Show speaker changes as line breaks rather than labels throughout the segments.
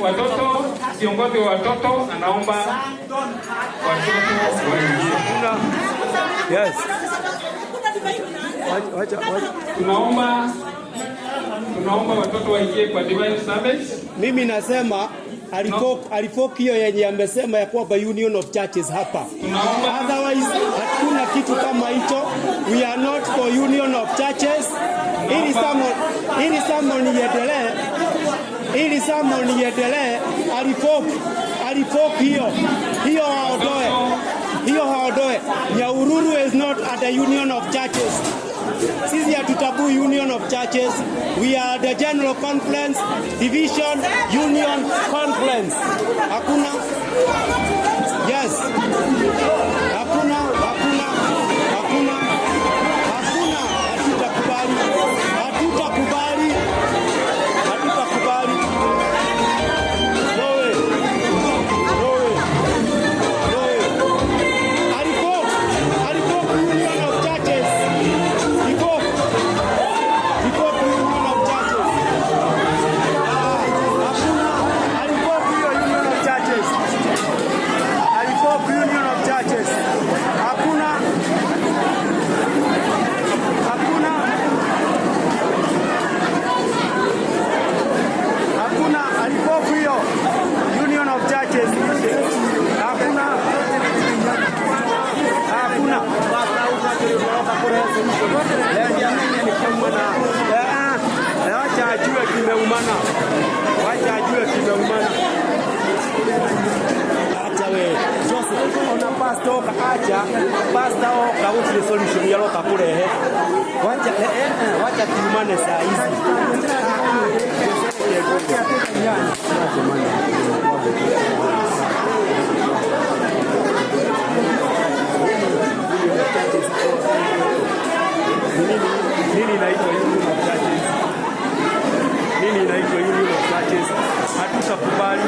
Watoto, kiongozi wa watoto anaomba watoto waingie. Yes. Tunaomba tunaomba watoto waingie kwa divine service.
Mimi nasema alifoki hiyo yenye amesema ya kwamba union of churches hapa. Otherwise hakuna kitu kama hicho. We are not for union of churches. Ili ili Samson iendelee, ili Samson iendelee, alifoki alifoki hiyo hiyo, haodoe hiyo, haondoe. Nyahururu is not at the union of churches. Sisi hatutabui union of churches. We are the general conference, division, union, conference. Hakuna
kimeumana, wacha ajue kimeumana. Acha we Joseph, ona pasta oka, acha pasta oka uti solution ya loka eh. wacha eh, eh, eh wacha kiumane saa hizi
nini naitwa zakopali.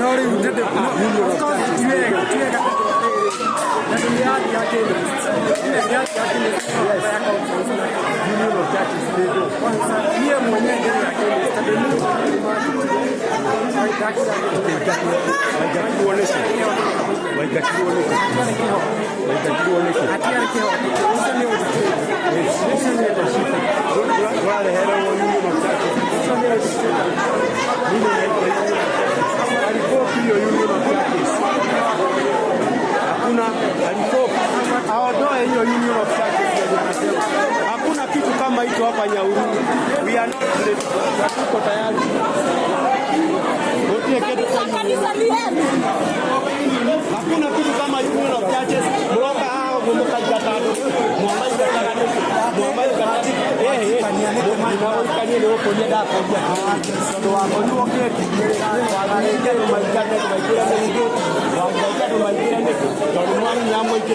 No, they did the no, of course, you ain't got
Like that you were looking. Like
that you
were looking. Hakuna kitu kama hicho hapa Nyahururu. We are not ready. Tuko tayari.
Hakuna kitu kama hicho. दोनों का जाता मोबाइल का लगा मोबाइल का ये ये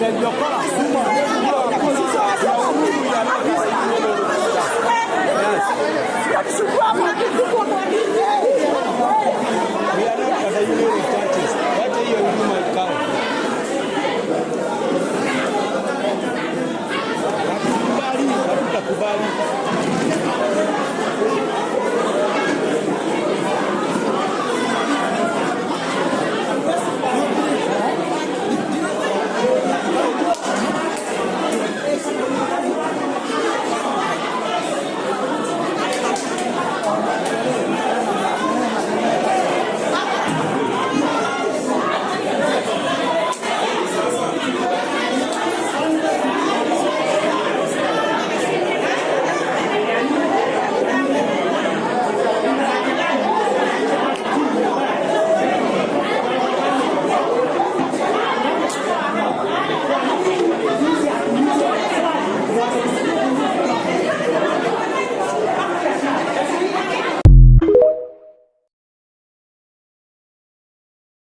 मोबाइल का ये